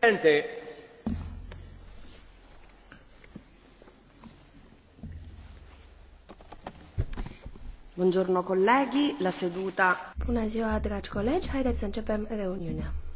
Presidente, Bună ziua, dragi colegi, haideți să începem reuniunea.